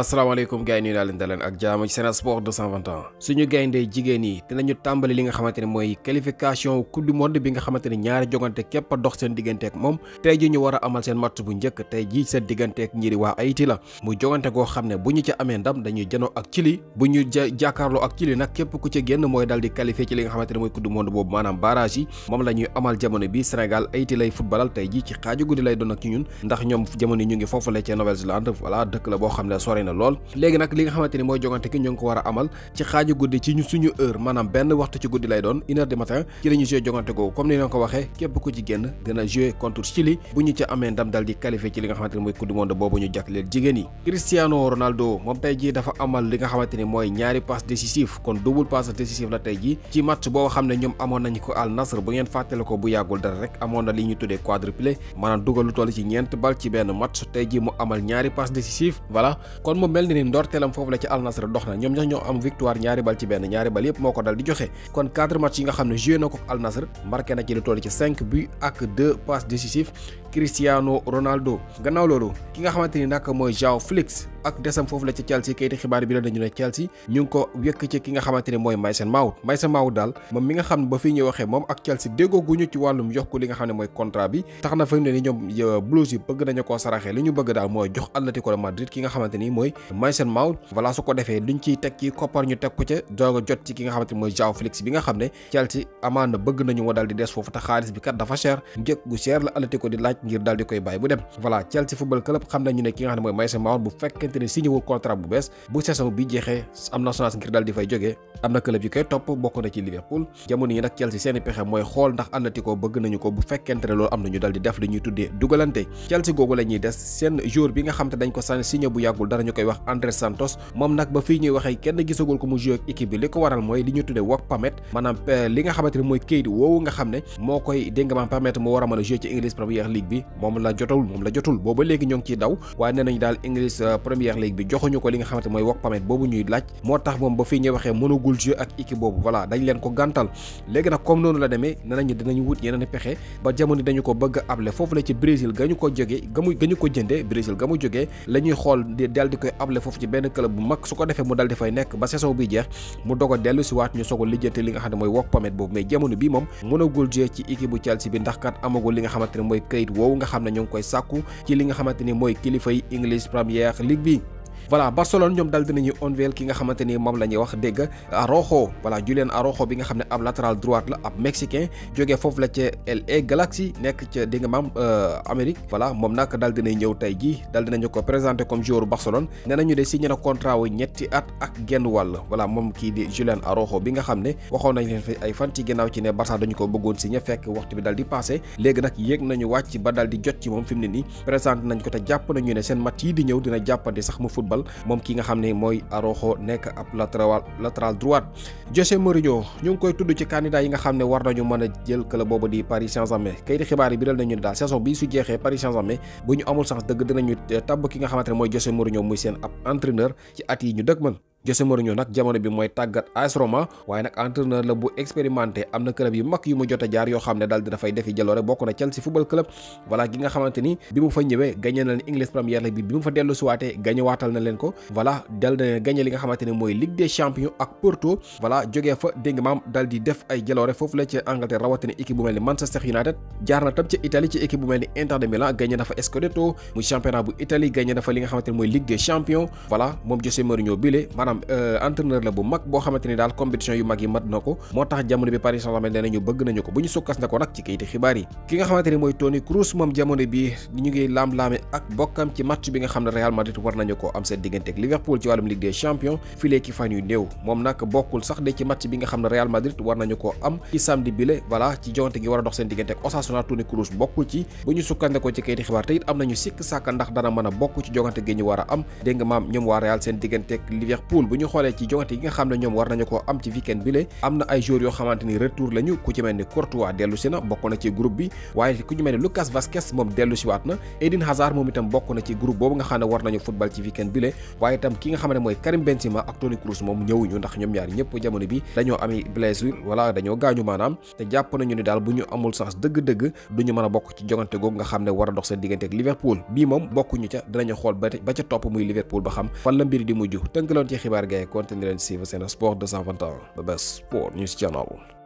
asalaamaaleykum gars yi nuyu naa leen daleen ak jaam ci Sen Sport li nga xamante ne mooy qualification coupe du nga xamante ne ñaari jogante képp a dox seen digganteek moom ñu a amal seen match bu njëkk tey ji seen digganteek ñi di waa Haïti xam ne bu ñu ci amee ndam dañuy janoo ak Chili bu ñu jàkkaarloo ak Chili nag képp ku ci génn mooy daal di qualifié ci li nga xamante ne mooy coupe du monde boobu maanaam barrage yi moom la ñuy amal jamono bi Sénégal Haïti lay footballal tey ji ci xaaju guddi lay doon ak ñun ndax ñoom jamono ñu ngi foofu la ca Nouvelle-Zélande voilà dëkk la boo xam ne sori na lool léegi nag li nga xamante ni mooy jogante gi ñu ngi ko war a amal ci xaaju guddi ci ñu suñu heure maanaam benn waxtu ci guddi lay doon une heure de matin ci la ñu joué jogante googu comme ni leen ko waxee képp ku ci génn dina jouer contre Chili bu ñu ci amee ndam dal di qualifié ci li nga xamante ni mooy coupe du monde boobu ñu jàkkleel jigéen yi Cristiano Ronaldo moom tey jii dafa amal li nga xamante ni mooy ñaari passe décisif kon double passe décisif la tey jii ci match boo xam ne ñoom amoon ko Al nasr bu ngeen fàttale ko bu yàggul dara rek amoon na li ñu tuddee quadruplé maanaam lu toll ci ñeent bal ci benn match tey jii mu amal ñaari passe décisif voilà kon mu mel ni ndorteelam foofu la ci Al dox na ñoom ñoo ñoo am victoire ñaari bal ci benn ñaari bal yëpp moo ko dal di joxe kon match yi nga xam ne joué na ko Al Nassr na ci lu ci cinq buts ak deux passes décisives Cristiano Ronaldo gannaaw lolu ki nga xamanteni nak moy Joao Felix ak desam fofu la ci Chelsea kayiti xibaar bi la nañu ne Chelsea ñu ko wékk ci ki nga xamanteni moy Mason Mount Mason Mount dal mom mi nga xamne ba fi ñu waxe mom ak Chelsea guñu ci walum jox ko li nga xamne moy contrat bi taxna fa ñu ne ñom ya, blues yi bëgg nañu ko saraxé li ñu bëgg daal moy jox Atletico de Madrid ki nga xamanteni moy Mason Mount wala su ko défé luñ ci tek ci copar ñu tek ko ci doog jot ci ki nga xamanteni moy Joao Felix bi nga xamne Chelsea amana bëgg nañu moo dal di dess fofu ta xaaliss bi kat dafa cher njëkk gu cher la Atletico di laaj ngir dal di koy bay bu dem voilà Chelsea football club xam nañu ne ki nga xamne moy mooy Mason bu fekkente ni signé wu contrat bu Bes. bu saison bi jexé Amna chance ngir dal di fay joggé amna club yu koy top bokku na ci Liverpool jamono yi nak Chelsea seen pexé moy xol ndax Atletico bëgg nañu ko bu fekkente ne lool amna ñu dal di def li ñuy tuddé dugalante Chelsea gogol lañuy dess seen joueur bi nga xamne dañ ko sañ signé bu yagul dara ñu wax Santos mom nak ba fi ñuy waxee kenn gisagul ko mu jouer ak équipe bi liko waral moy li ñu tuddé wak pamet manam eh, li nga xamanteni moy mooy wo nga xamne mokoy moo mu wara jouer ci English Premier League bi moom la jotawul moom la jotul booba léegi ñoo ngi daw waaye nee nañu daal English euh, Premier League bi joxuñu ko li nga xamante mooy Wokpamet boobu boobu voilà jamono bi moom mënagul jeu ci équipe bu Chelsea bi ndax kat amagul li nga xamante ne mooy këyit boobu nga xam ne ñu ngi koy sàkku ci li nga xamante ni mooy kilifa yi English Premier League bi voilà Barcelone ñoom daal dinañuy unveil ki nga xamante ni moom la ñuy wax dégg Araujo voilà Julián Araujo bi nga xam ne ab latéral droite la ab mexicain jógee foofu la ca LA Galaxy nekk ci dégg nga maam euh, Amérique voilà moom nag daal dinay ñëw tey jii daal dinañu ko présenté comme joueur Barcelone nee nañu de signé na contrat wu ñetti at ak genn wàll voilà moom kii di Julián Araujo bi nga xam ne waxoon nañ leen fi ay fan ci ginnaaw ci ne Barça dañu ko bëggoon signé fekk waxtu bi daal di passé léegi nag yéeg nañu wàcc ba daal di jot seen match yi di ñëw dina jàppandi sax football moom ki nga xam ne mooy Araujo nekk ab latéral latéral droite José Mourinho ñu ngi koy tudd ci candidat yi nga xam ne war nañu mën a jël club boobu di Paris Saint-Germain kayit di xibaar yi biral nañu ne daal saison bi su jeexee Paris Saint-Germain bu ñu amul chance dëgg dinañu tab ki nga xamante ne mooy José Mourinho muy seen ab entraîneur ci at yi ñu dëkk mën José Mourinho nag jamono bi mooy tàggat AS Roma waaye nag entraîneur la bu expérimenté am na club yu mag yu mu jot a jaar yoo xam ne daal dina fay defi jaloore bokk na Chelsea Football Club voilà gi nga xamante ni bi mu fa ñëwee gagné na leen dellu suwaatee gagné na leen ko voilà dal di def ay jaloore foofu la ci Angleterre rawatina équipe bu mel ni Manchester United jaar na tam ci Italie ci équipe bu mel ni Inter de Milan gagné na fa Scudetto muy championnat bu Italie gagné na fa li nga xamante mooy Ligue des Champions voilà moom maanaam euh, entraîneur la bu mag boo xamante ni daal compétition yu mag yi mat na ko moo tax jamono bi Paris Saint-Germain nee bëgg nañu ko bu ñu sukkas na ko nag ci kayiti xibaar yi ki nga xamante ni mooy Toni Kroos moom jamono bi ñu ngi laam-laame ak bokkam ci match bi nga xam ne Real Madrid war nañu ko am seen diggante ak Liverpool ci wàllum Ligue des Champions filee ki fan yu néew moom nag bokkul sax de ci match bi nga xam ne Real Madrid war nañu ko am ci samedi bile voilà ci joŋante gi war a dox seen diggante ak Osasuna Toni Kroos bokkul ci bu ñu sukkandikoo ci kayiti xibaar te it am nañu sikk sàkk ndax dana mën a bokk ci jogante gi ñu war a am dégg maam ñoom waa Real seen diggante ak Liverpool teewul bu ñu xoolee ci jogante yi nga xam ne ñoom war nañu ko am ci weekend bi am na ay joueurs yoo xamante ni retour lañu ku ci ni Courtois dellu na bokk na ci groupe bi waaye ku ci ni Lucas Vazquez moom dellu waat na Eden Hazard moom itam bokk na ci groupe boobu nga xam ne war nañu football ci weekend bi waaye itam ki nga xam ne mooy Karim Benzema ak Toni Kroos moom ñëwuñu ndax ñoom ñaar ñëpp jamono bi dañoo ami blessure wala dañoo gaañu maanaam a bokk a dox seen diggante ak xibaar gay continuer si seen sport 221 the best sport news channel